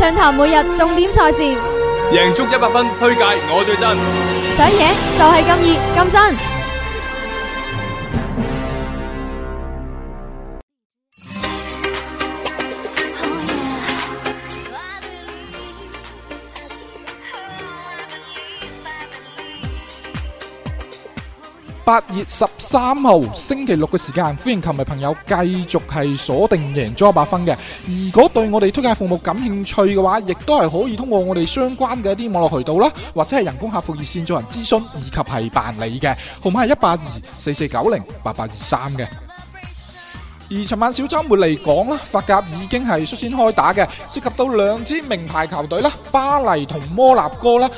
暢談每日重點賽事，贏足一百分，推介我最真，想贏就係咁熱咁真。八月十三號星期六嘅時間，歡迎球迷朋友繼續係鎖定贏足 100FUN 嘅。如果對我哋推介服務感興趣嘅話，亦都係可以通過我哋相關嘅一啲網絡渠道啦，或者係人工客服熱線進行諮詢以及係辦理嘅。號碼係一八二四四九零八八二三嘅。而尋晚小周末嚟講啦，法甲已經係率先開打嘅，涉及到兩支名牌球隊啦，巴黎同摩納哥啦。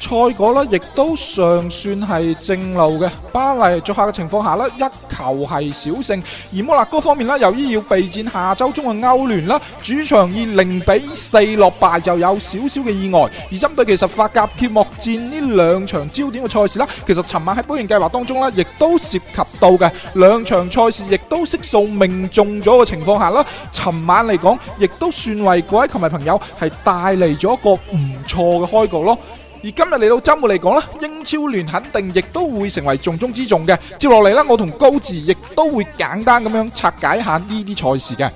賽果呢亦都尚算係正路嘅。巴黎作客嘅情況下呢一球係小勝；而摩納哥方面呢由於要備戰下周中嘅歐聯啦，主場以零比四落敗，就有少少嘅意外。而針對其實法甲揭幕戰呢兩場焦點嘅賽事啦，其實尋晚喺保贏計劃當中亦都涉及到嘅兩場賽事，亦都悉數命中咗嘅情況下啦。尋晚嚟講，亦都算為各位球迷朋友係帶嚟咗一個唔錯嘅開局咯。而今日嚟到周末嚟講咧，英超聯肯定亦都會成為重中之重嘅。接落嚟咧，我同高智亦都會簡單咁樣拆解一下呢啲賽事嘅。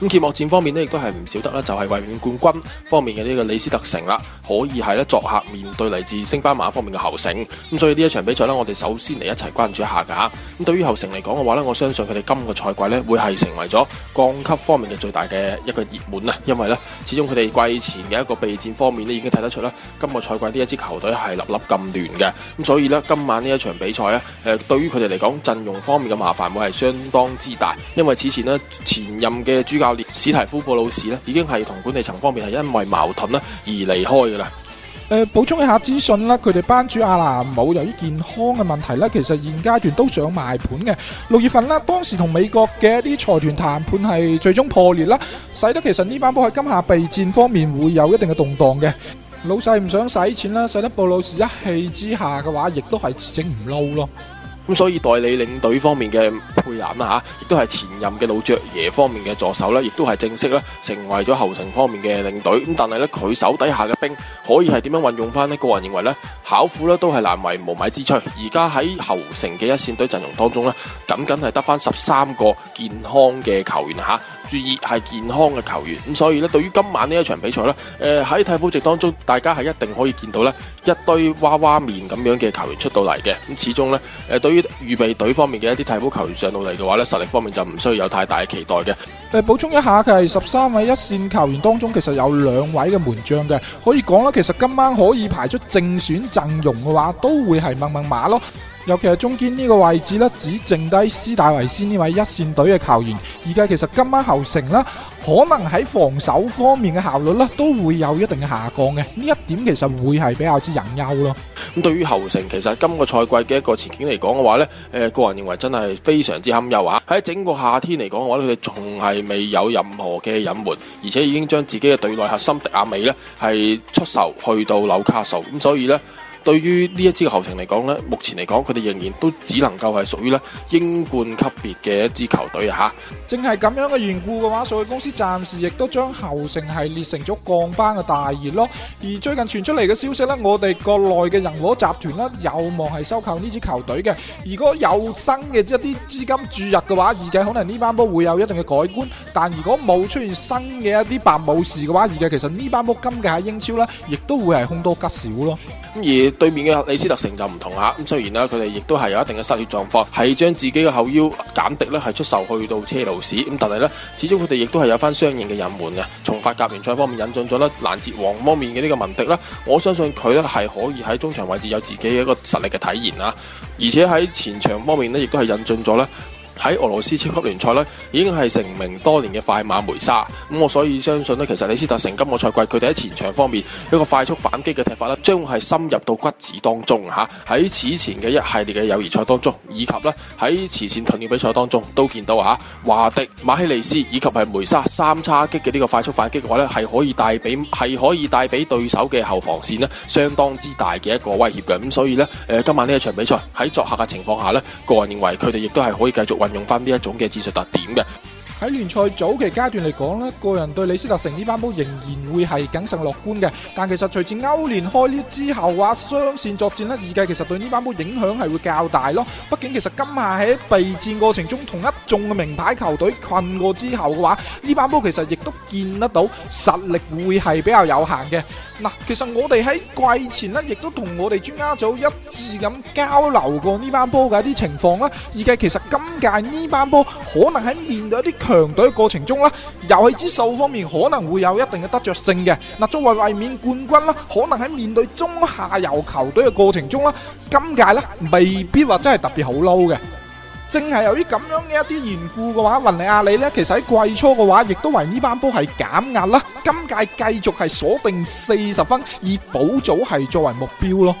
咁揭幕戰方面咧，亦都係唔少得啦，就係衛冕冠軍方面嘅呢個李斯特城啦，可以係咧作客面對嚟自星巴馬方面嘅侯城。咁所以呢一場比賽咧，我哋首先嚟一齊關注一下嘅吓。咁對於侯城嚟講嘅話咧，我相信佢哋今個賽季咧會係成為咗降級方面嘅最大嘅一個熱門啊！因為咧，始終佢哋季前嘅一個備戰方面咧，已經睇得出啦。今個賽季呢一支球隊係粒粒咁亂嘅，咁所以咧今晚呢一場比賽啊，誒，對於佢哋嚟講陣容方面嘅麻煩會係相當之大，因為此前咧前任嘅主教練史提夫布魯斯咧，已經係同管理層方面係因為矛盾咧而離開噶啦。誒、呃，補充一下資訊啦，佢哋班主阿蘭冇由於健康嘅問題啦，其實現階段都想賣盤嘅。六月份啦，當時同美國嘅一啲財團談判係最終破裂啦，使得其實呢班波喺今夏備戰方面會有一定嘅動蕩嘅。老細唔想使錢啦，使得布魯斯一氣之下嘅話，亦都係整唔撈咯。咁所以代理領隊方面嘅佩蘭啊，亦都係前任嘅老爵爺方面嘅助手啦，亦都係正式咧成為咗侯城方面嘅領隊。咁但係咧，佢手底下嘅兵可以係點樣運用翻？咧個人認為咧，巧婦咧都係難為無米之炊。而家喺侯城嘅一線隊陣容當中咧，僅僅係得翻十三個健康嘅球員吓。注意係健康嘅球員，咁所以咧，對於今晚呢一場比賽咧，誒喺替補席當中，大家係一定可以見到咧一堆娃娃面咁樣嘅球員出到嚟嘅，咁始終咧，誒對於預備隊方面嘅一啲替補球員上到嚟嘅話咧，實力方面就唔需要有太大嘅期待嘅。誒、呃，補充一下，佢係十三位一線球員當中，其實有兩位嘅門將嘅，可以講啦，其實今晚可以排出正選陣容嘅話，都會係猛猛馬咯。尤其係中間呢個位置呢，只剩低斯戴維斯呢位一線隊嘅球員。而家其實今晚侯城呢，可能喺防守方面嘅效率呢都會有一定嘅下降嘅。呢一點其實會係比較之隱憂咯。咁對於侯城，其實今個賽季嘅一個前景嚟講嘅話呢，誒、呃，個人認為真係非常之堪憂啊！喺整個夏天嚟講嘅話咧，佢哋仲係未有任何嘅隱瞞，而且已經將自己嘅隊內核心迪亞美呢係出售去到紐卡素。咁所以咧。對於呢一支侯城嚟講咧，目前嚟講佢哋仍然都只能夠係屬於咧英冠級別嘅一支球隊吓，正係咁樣嘅緣故嘅話，所以公司暫時亦都將侯城係列成咗降班嘅大熱咯。而最近傳出嚟嘅消息呢，我哋國內嘅人和集團咧有望係收購呢支球隊嘅。如果有新嘅一啲資金注入嘅話，預計可能呢班波會有一定嘅改觀。但如果冇出現新嘅一啲白武士嘅話，預計其實呢班波今嘅喺英超呢，亦都會係凶多吉少咯。咁而對面嘅里斯特城就唔同啦，咁雖然咧佢哋亦都係有一定嘅失血狀況，係將自己嘅後腰簡迪咧係出售去到車路士，咁但係咧，始終佢哋亦都係有翻相應嘅隱瞞嘅。從法甲聯賽方面引進咗咧，攔截王方面嘅呢個文迪啦，我相信佢咧係可以喺中場位置有自己嘅一個實力嘅體現啦，而且喺前場方面咧亦都係引進咗咧。喺俄羅斯超級聯賽已經係成名多年嘅快馬梅沙，咁我所以相信呢，其實李斯特城今個賽季佢哋喺前場方面一個快速反擊嘅踢法呢，將係深入到骨子當中吓。喺、啊、此前嘅一系列嘅友誼賽當中，以及呢喺慈善盾嘅比賽當中，都見到吓華、啊、迪、馬希利斯以及係梅沙三叉戟嘅呢個快速反擊嘅話呢係可以帶俾係可以帶俾對手嘅後防線呢相當之大嘅一個威脅嘅。咁所以呢，誒、呃、今晚呢一場比賽喺作客嘅情況下呢，個人認為佢哋亦都係可以繼續為用翻呢一種嘅戰術特點嘅，喺聯賽早期階段嚟講咧，個人對李斯特城呢班波仍然會係謹慎樂觀嘅。但其實，隨住歐聯開裂之後，話雙線作戰咧，預計其實對呢班波影響係會較大咯。畢竟，其實今夏喺備戰過程中，同一眾嘅名牌球隊困過之後嘅話，呢班波其實亦都見得到實力會係比較有限嘅。嗱，其實我哋喺季前咧，亦都同我哋專家組一致咁交流過呢班波嘅一啲情況啦。預計其實今屆呢班波可能喺面對一啲強隊嘅過程中咧，遊戲指數方面可能會有一定嘅得著性嘅。嗱，作為衛冕冠軍啦，可能喺面對中下游球隊嘅過程中啦，今屆咧未必話真係特別好撈嘅。正係由於咁樣嘅一啲緣故嘅話，雲尼亞利呢，其實喺季初嘅話，亦都為呢班波係減壓啦。今屆繼續係鎖定四十分，以保組係作為目標咯。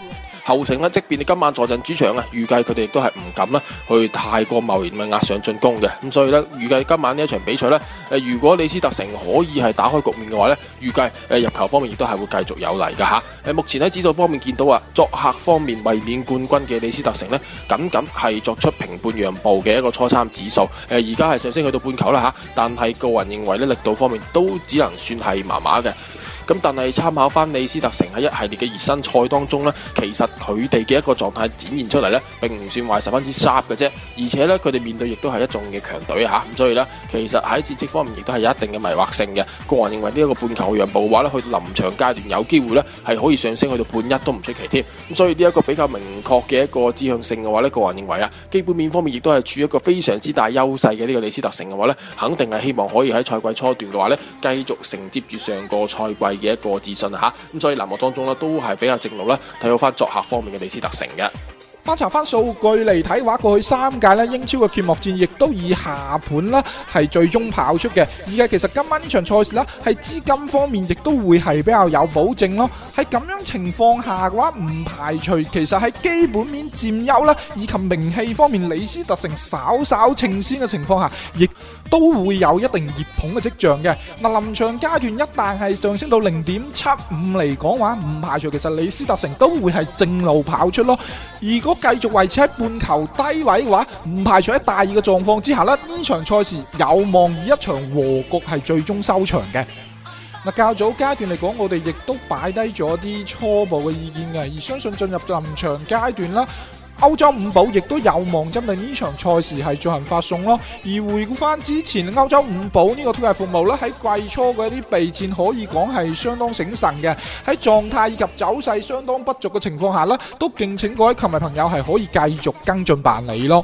後程咧，即便你今晚坐陣主場啊，預計佢哋都係唔敢咧去太過貿然咪壓上進攻嘅。咁所以呢，預計今晚呢一場比賽呢，誒如果李斯特城可以係打開局面嘅話呢，預計誒入球方面亦都係會繼續有嚟嘅嚇。誒目前喺指數方面見到啊，作客方面衛冕冠軍嘅李斯特城呢，僅僅係作出平半讓步嘅一個初參指數。誒而家係上升去到半球啦嚇，但係個人認為呢，力度方面都只能算係麻麻嘅。咁但係參考翻李斯特城喺一系列嘅熱身賽當中呢，其實佢哋嘅一個狀態展現出嚟呢，並唔算話十分之差嘅啫。而且呢，佢哋面對亦都係一眾嘅強隊吓，咁所以呢，其實喺戰績方面亦都係有一定嘅迷惑性嘅。個人認為呢一個半球讓步話呢，去到臨場階段有機會呢係可以上升去到半一都唔出奇添。咁所以呢一個比較明確嘅一個指向性嘅話呢，個人認為啊，基本面方面亦都係處於一個非常之大優勢嘅呢個李斯特城嘅話呢，肯定係希望可以喺賽季初段嘅話呢，繼續承接住上個賽季。嘅一個自信吓，咁所以欄目當中咧都係比較正路咧，睇到翻作客方面嘅李斯特城嘅。翻查翻數據嚟睇話，過去三屆咧英超嘅揭幕戰亦都以下盤啦係最終跑出嘅。而家其實今晚呢場賽事啦，係資金方面亦都會係比較有保證咯。喺咁樣情況下嘅話，唔排除其實喺基本面佔優啦，以及名氣方面，李斯特城稍稍稱先嘅情況下，亦都會有一定熱捧嘅跡象嘅。嗱，臨場階段一旦係上升到零點七五嚟講話，唔排除其實李斯特城都會係正路跑出咯。而個繼續維持喺半球低位嘅話，唔排除喺大二嘅狀況之下啦。呢場賽事有望以一場和局係最終收場嘅。嗱，較早階段嚟講，我哋亦都擺低咗啲初步嘅意見嘅，而相信進入臨場階段啦。歐洲五寶亦都有望針對呢場賽事係進行發送咯，而回顧翻之前歐洲五寶呢個推介服務咧，喺季初嗰啲備戰可以講係相當醒神嘅，喺狀態以及走勢相當不俗嘅情況下呢，都敬請各位球迷朋友係可以繼續跟進辦理咯。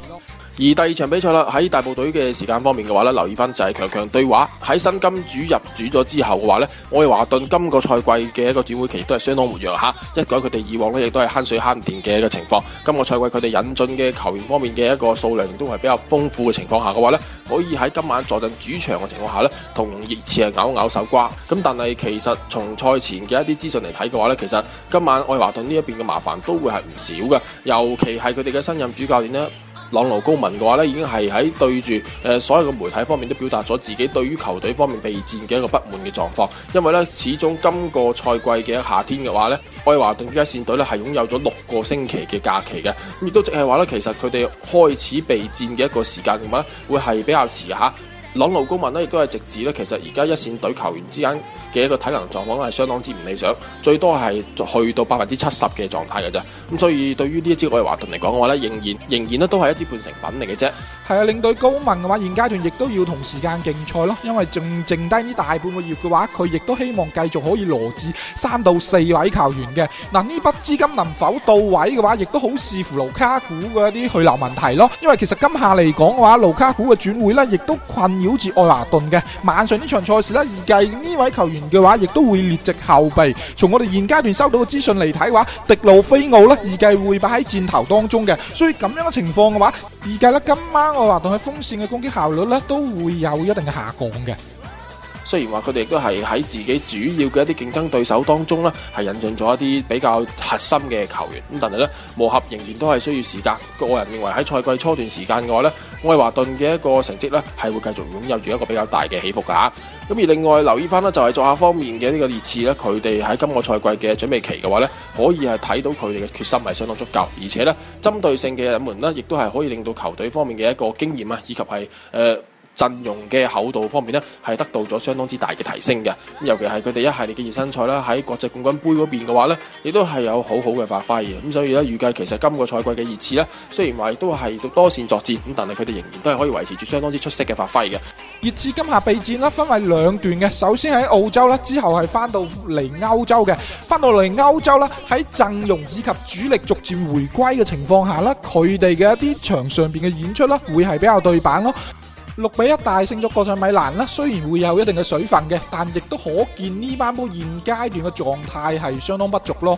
而第二場比賽啦，喺大部隊嘅時間方面嘅話呢留意翻就係強強對話喺新金主入主咗之後嘅話呢愛華頓今個賽季嘅一個轉會期都係相當活躍吓，一改佢哋以往呢，亦都係慳水慳電嘅一個情況。今個賽季佢哋引進嘅球員方面嘅一個數量都係比較豐富嘅情況下嘅話呢可以喺今晚坐陣主場嘅情況下呢，同熱刺係咬咬手瓜。咁但係其實從賽前嘅一啲資訊嚟睇嘅話呢其實今晚愛華頓呢一邊嘅麻煩都會係唔少嘅，尤其係佢哋嘅新任主教練呢。朗奴高文嘅話咧，已經係喺對住誒、呃、所有嘅媒體方面都表達咗自己對於球隊方面備戰嘅一個不滿嘅狀況，因為咧始終今個賽季嘅夏天嘅話咧，愛華頓呢家線隊咧係擁有咗六個星期嘅假期嘅，咁亦都即係話咧，其實佢哋開始備戰嘅一個時間嘅話咧，會係比較遲嚇。朗奴公民咧，亦都係直指咧，其實而家一線隊球員之間嘅一個體能狀況咧，係相當之唔理想，最多係去到百分之七十嘅狀態嘅啫。咁所以對於呢一支愛華頓嚟講嘅話咧，仍然仍然咧都係一支半成品嚟嘅啫。係啊，領隊高文嘅話，現階段亦都要同時間競賽咯，因為仲剩低呢大半個月嘅話，佢亦都希望繼續可以羅致三到四位球員嘅。嗱、啊，呢筆資金能否到位嘅話，亦都好視乎盧卡古嘅一啲去留問題咯。因為其實今夏嚟講嘅話，盧卡古嘅轉會呢，亦都困擾住愛華頓嘅。晚上呢場賽事呢，預計呢位球員嘅話，亦都會列席後備。從我哋現階段收到嘅資訊嚟睇嘅話，迪路菲奧呢，預計會擺喺箭頭當中嘅。所以咁樣嘅情況嘅話，預計呢，今晚，我話同佢鋒線嘅攻擊效率咧，都會有一定嘅下降嘅。雖然話佢哋亦都係喺自己主要嘅一啲競爭對手當中呢，係引進咗一啲比較核心嘅球員，咁但係呢，磨合仍然都係需要時間。個人認為喺賽季初段時間嘅話呢，愛華頓嘅一個成績呢，係會繼續擁有住一個比較大嘅起伏噶咁而另外留意翻呢，就係作下方面嘅呢個熱刺呢，佢哋喺今個賽季嘅準備期嘅話呢，可以係睇到佢哋嘅決心係相當足夠，而且呢，針對性嘅引援呢，亦都係可以令到球隊方面嘅一個經驗啊，以及係誒。呃陣容嘅厚度方面呢，係得到咗相當之大嘅提升嘅。尤其係佢哋一系列嘅熱身賽啦，喺國際冠軍杯嗰邊嘅話呢，亦都係有好好嘅發揮嘅。咁所以呢，預計其實今個賽季嘅熱刺呢，雖然話都係多線作戰，咁但係佢哋仍然都係可以維持住相當之出色嘅發揮嘅。熱刺今夏備戰啦，分為兩段嘅。首先喺澳洲啦，之後係翻到嚟歐洲嘅，翻到嚟歐洲啦，喺陣容以及主力逐漸回歸嘅情況下呢，佢哋嘅一啲場上邊嘅演出啦，會係比較對版咯。六比一大勝咗國際米蘭啦，雖然會有一定嘅水分嘅，但亦都可見呢班波現階段嘅狀態係相當不俗咯。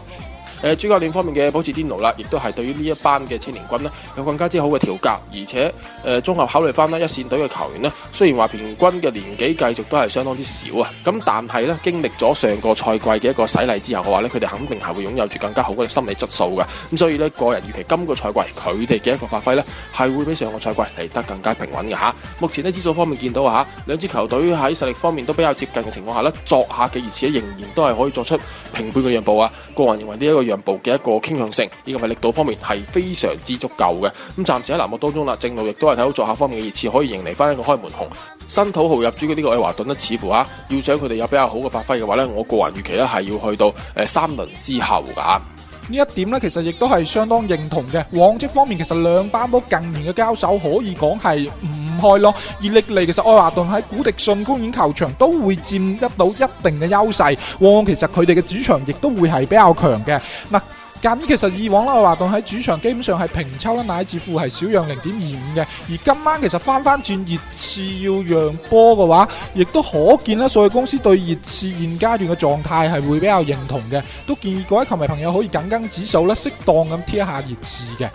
誒，主教練方面嘅保持天奴啦，亦都係對於呢一班嘅青年軍呢，有更加之好嘅調教，而且誒綜合考慮翻啦，一線隊嘅球員呢，雖然話平均嘅年紀繼續都係相當之少啊，咁但係呢，經歷咗上個賽季嘅一個洗禮之後嘅話呢，佢哋肯定係會擁有住更加好嘅心理質素嘅，咁所以呢，個人預期今個賽季佢哋嘅一個發揮呢，係會比上個賽季嚟得更加平穩嘅吓。目前呢，指數方面見到啊，兩支球隊喺實力方面都比較接近嘅情況下呢，作客嘅熱刺仍然都係可以作出平半嘅讓步啊。個人認為呢、這、一個。讓步嘅一個傾向性，呢個係力度方面係非常之足夠嘅。咁暫時喺欄目當中啦，正路亦都係睇到作客方面嘅熱刺可以迎嚟翻一個開門紅。新土豪入主嘅呢、這個愛華頓呢，哎、似乎啊，要想佢哋有比較好嘅發揮嘅話呢，我個人預期呢係要去到誒三輪之後噶。呢一點呢，其實亦都係相當認同嘅。往績方面，其實兩班波近年嘅交手可以講係唔。開咯，而歷嚟其實愛華頓喺古迪遜公園球場都會佔得到一定嘅優勢。往往其實佢哋嘅主場亦都會係比較強嘅。嗱，咁，其實以往啦，愛華頓喺主場基本上係平抽啦，乃至乎係少讓零點二五嘅。而今晚其實翻翻轉熱刺要讓波嘅話，亦都可見啦。所有公司對熱刺現階段嘅狀態係會比較認同嘅，都建議各位球迷朋友可以緊跟指數咧，適當咁貼下熱刺嘅。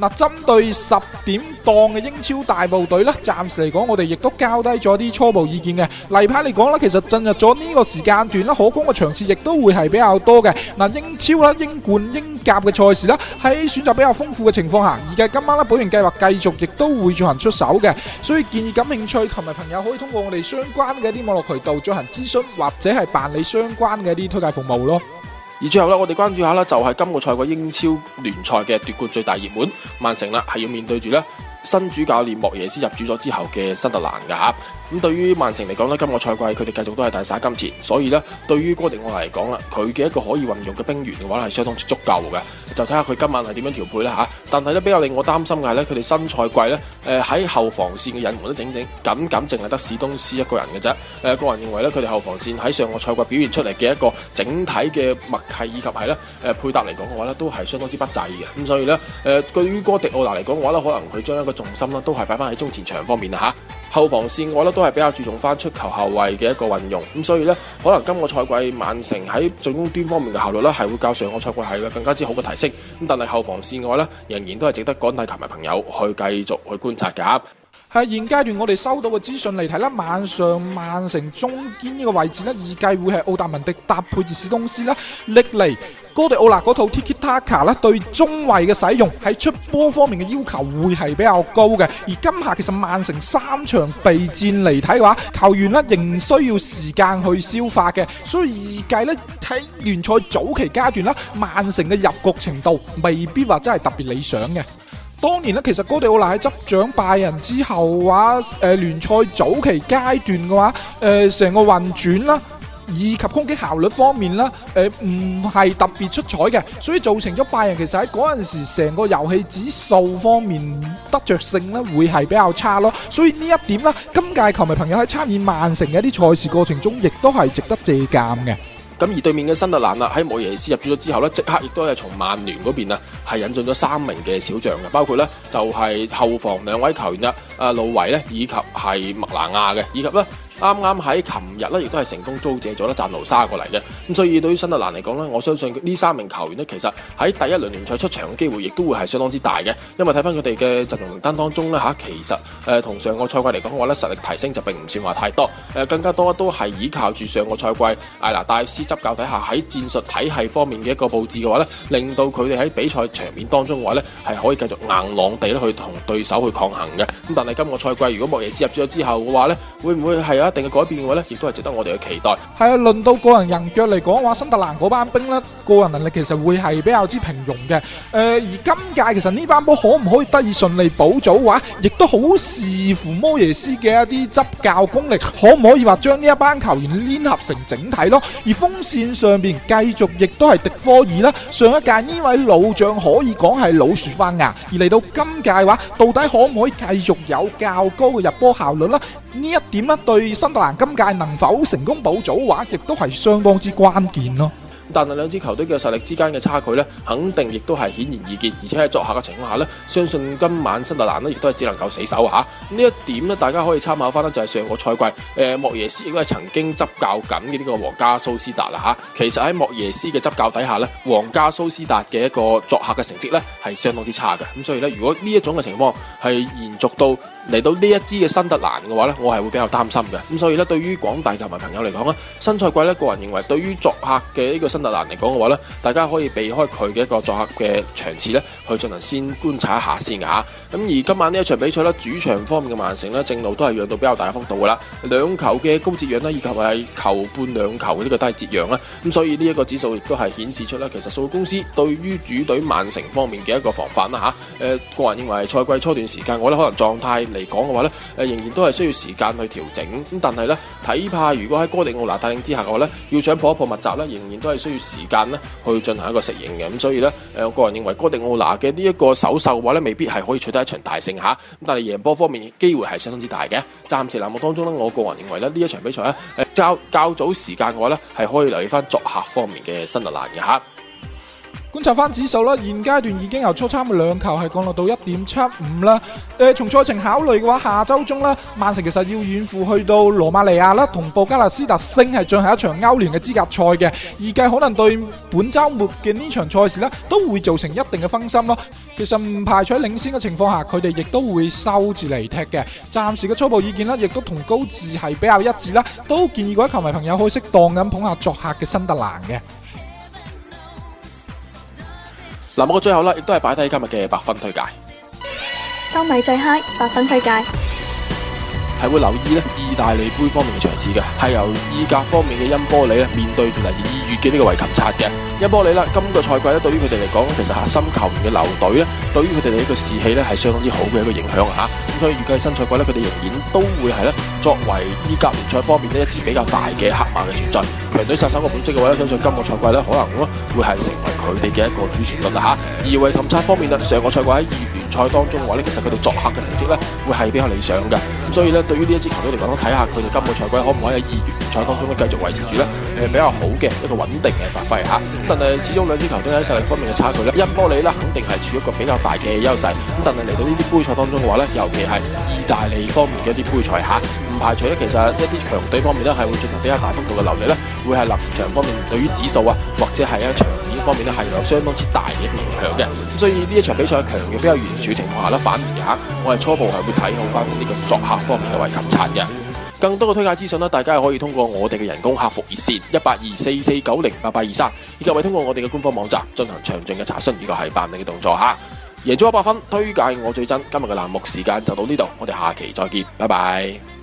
嗱，針對十點檔嘅英超大部隊咧，暫時嚟講，我哋亦都交低咗啲初步意見嘅。例牌嚟講啦，其實進入咗呢個時間段啦，可供嘅場次亦都會係比較多嘅。嗱，英超啦、英冠、英甲嘅賽事啦，喺選擇比較豐富嘅情況下，而家今晚咧，本營計劃繼續亦都會進行出手嘅。所以建議感興趣同埋朋友可以通過我哋相關嘅啲網絡渠道進行諮詢，或者係辦理相關嘅啲推介服務咯。而最後咧，我哋關注下咧，就係今個賽季英超聯賽嘅奪冠最大熱門曼城啦，係要面對住咧新主教練莫耶斯入主咗之後嘅新特蘭嘅嚇。咁對於曼城嚟講咧，今個賽季佢哋繼續都係大灑金錢，所以呢，對於哥迪奧拿嚟講啦，佢嘅一個可以運用嘅兵員嘅話係相當之足夠嘅，就睇下佢今晚係點樣調配啦嚇。但係呢，比較令我擔心嘅係呢，佢哋新賽季呢，誒、呃、喺後防線嘅隱患都整整僅僅淨係得史東斯一個人嘅啫。誒個人認為呢，佢哋後防線喺上個賽季表現出嚟嘅一個整體嘅默契以及係呢誒配搭嚟講嘅話呢，都係相當之不濟嘅。咁所以呢，誒，對於哥迪奧拿嚟講嘅話呢，可能佢將一個重心啦，都係擺翻喺中前場方面啦嚇。後防線外咧，都係比較注重翻出球後衛嘅一個運用，咁所以咧，可能今個賽季曼城喺進攻端方面嘅效率咧，係會較上個賽季係有更加之好嘅提升，咁但係後防線外咧，仍然都係值得廣大球迷朋友去繼續去觀察噶。係現階段我哋收到嘅資訊嚟睇啦，晚上曼城中堅呢個位置呢，預計會係奧達文迪搭配住史東斯啦、歷嚟哥迪奧納嗰套 Tiki Taka 啦，對中衛嘅使用喺出波方面嘅要求會係比較高嘅。而今下其實曼城三場備戰嚟睇嘅話，球員呢仍需要時間去消化嘅，所以預計呢，喺聯賽早期階段啦，曼城嘅入局程度未必話真係特別理想嘅。當年咧，其實哥迪奧拉喺執掌拜仁之後，話誒聯賽早期階段嘅話，誒、呃、成個運轉啦，以及攻擊效率方面啦，誒唔係特別出彩嘅，所以造成咗拜仁其實喺嗰陣時成個遊戲指數方面得着性咧會係比較差咯。所以呢一點啦，今屆球迷朋友喺參與曼城嘅一啲賽事過程中，亦都係值得借鑒嘅。咁而對面嘅新特蘭啊，喺莫耶斯入主咗之後咧，即刻亦都係從曼聯嗰邊啊，係引進咗三名嘅小將嘅，包括咧就係後防兩位球員啊，阿路維咧以及係麥蘭亞嘅，以及咧。啱啱喺琴日咧，亦都係成功租借咗咧贊奴沙過嚟嘅。咁所以對於新特蘭嚟講咧，我相信呢三名球員呢，其實喺第一輪聯賽出場嘅機會，亦都會係相當之大嘅。因為睇翻佢哋嘅陣容名單當中咧，吓其實誒、呃、同上個賽季嚟講嘅話咧，實力提升就並唔算話太多。誒、呃，更加多都係依靠住上個賽季艾拿大師執教底下喺戰術體系方面嘅一個布置嘅話咧，令到佢哋喺比賽場面當中嘅話咧，係可以繼續硬朗地咧去同對手去抗衡嘅。咁但係今個賽季如果莫耶斯入咗之後嘅話咧，會唔會係一定嘅改變嘅話咧，亦都係值得我哋嘅期待。係啊，論到個人人腳嚟講嘅話，新特蘭嗰班兵咧，個人能力其實會係比較之平庸嘅。誒，而今屆其實呢班波可唔可以得以順利補組嘅話，亦都好視乎摩耶斯嘅一啲執教功力，可唔可以話將呢一班球員粘合成整體咯？而鋒線上邊繼續亦都係迪科爾啦。上一屆呢位老將可以講係老樹花牙，而嚟到今屆嘅話，到底可唔可以繼續有較高嘅入波效率咧？呢一點咧對。新特蘭今屆能否成功保組，話亦都係相當之關鍵咯。但係兩支球隊嘅實力之間嘅差距呢，肯定亦都係顯而易見，而且喺作客嘅情況下呢，相信今晚新特蘭呢，亦都係只能夠死守吓，啊。呢一點呢，大家可以參考翻呢就係、是、上個賽季誒、呃、莫耶斯應該係曾經執教緊嘅呢個皇家蘇斯達啦吓，啊。其實喺莫耶斯嘅執教底下呢，皇家蘇斯達嘅一個作客嘅成績呢，係相當之差嘅。咁所以呢，如果呢一種嘅情況係延續到嚟到呢一支嘅新特蘭嘅話呢，我係會比較擔心嘅。咁所以呢，對於廣大球迷朋友嚟講啊，新賽季呢，個人認為對於作客嘅呢、這個特嚟講嘅話，大家可以避開佢嘅一個作客嘅場次呢，去進行先觀察一下先吓。咁而今晚呢一場比賽呢，主場方面嘅曼城呢，正路都係讓到比較大嘅幅度噶啦，兩球嘅高折讓呢，以及係球半兩球嘅呢個低折讓啦。咁所以呢一個指數亦都係顯示出呢，其實數據公司對於主隊曼城方面嘅一個防範啦吓。誒、呃，個人認為賽季初段時間我呢，可能狀態嚟講嘅話呢，誒仍然都係需要時間去調整。咁但係呢，睇怕如果喺哥迪奧拿帶領之下嘅話呢，要想破一破密集呢，仍然都係。需要時間咧去進行一個適應嘅。咁所以咧，誒我個人認為哥迪奧拿嘅呢一個首秀嘅話咧，未必係可以取得一場大勝吓，咁但係贏波方面機會係相當之大嘅。暫時欄目當中呢，我個人認為咧呢一場比賽咧，誒較較早時間嘅話咧係可以留意翻作客方面嘅新特蘭嘅吓。觀察翻指數啦，現階段已經由初參嘅兩球係降落到一點七五啦。誒、呃，從賽程考慮嘅話，下周中啦，曼城其實要遠赴去到羅馬尼亞啦，同布加勒斯特星係進行一場歐聯嘅資格賽嘅，預計可能對本周末嘅呢場賽事呢都會造成一定嘅分心咯。其實唔排除喺領先嘅情況下，佢哋亦都會收住嚟踢嘅。暫時嘅初步意見啦，亦都同高智係比較一致啦，都建議各位球迷朋友可以適當咁捧下作客嘅新特蘭嘅。嗱，我最後咧，亦都係擺低今日嘅百分推介。收米最嗨，百分推介係會留意咧，意大利杯方面嘅場次嘅，係由意甲方面嘅恩波里咧面對住嚟自意乙嘅呢個維琴察嘅恩波里啦。今個賽季咧，對於佢哋嚟講，其實核心球員嘅留隊咧，對於佢哋嘅呢個士氣咧，係相當之好嘅一個影響啊！所以預計新賽季咧，佢哋仍然都會係咧作為意甲聯賽方面呢一支比較大嘅黑馬嘅存在，強隊殺手嘅本色嘅話咧，相信今個賽季咧可能會係成為佢哋嘅一個主旋律啊吓，而為探測方面啊，上個賽季喺二賽當中嘅話咧，其實佢哋作客嘅成績咧，會係比較理想嘅。咁所以咧，對於呢一支球隊嚟講，睇下佢哋今個賽季可唔可以喺意聯賽當中咧繼續維持住咧，係比較好嘅一個穩定嘅發揮吓。咁但係始終兩支球隊喺實力方面嘅差距咧，一波里咧肯定係處於一個比較大嘅優勢。咁但係嚟到呢啲杯賽當中嘅話咧，尤其係意大利方面嘅一啲杯賽吓，唔排除咧，其實一啲強隊方面咧係會進行比較大幅度嘅流利咧，會係臨場方面對於指數啊，或者係一、啊。方面咧係有相當之大嘅一個影響嘅，所以呢一場比賽強弱比較懸殊情況下呢，反而吓，我係初步係會睇好翻呢個作客方面嘅維琴察嘅。更多嘅推介資訊呢，大家係可以通過我哋嘅人工客服熱線一八二四四九零八八二三，823，以及係通過我哋嘅官方網站進行詳盡嘅查詢，呢個係辦理嘅動作吓。贏足 100FUN，推介我最真。今日嘅欄目時間就到呢度，我哋下期再見，拜拜。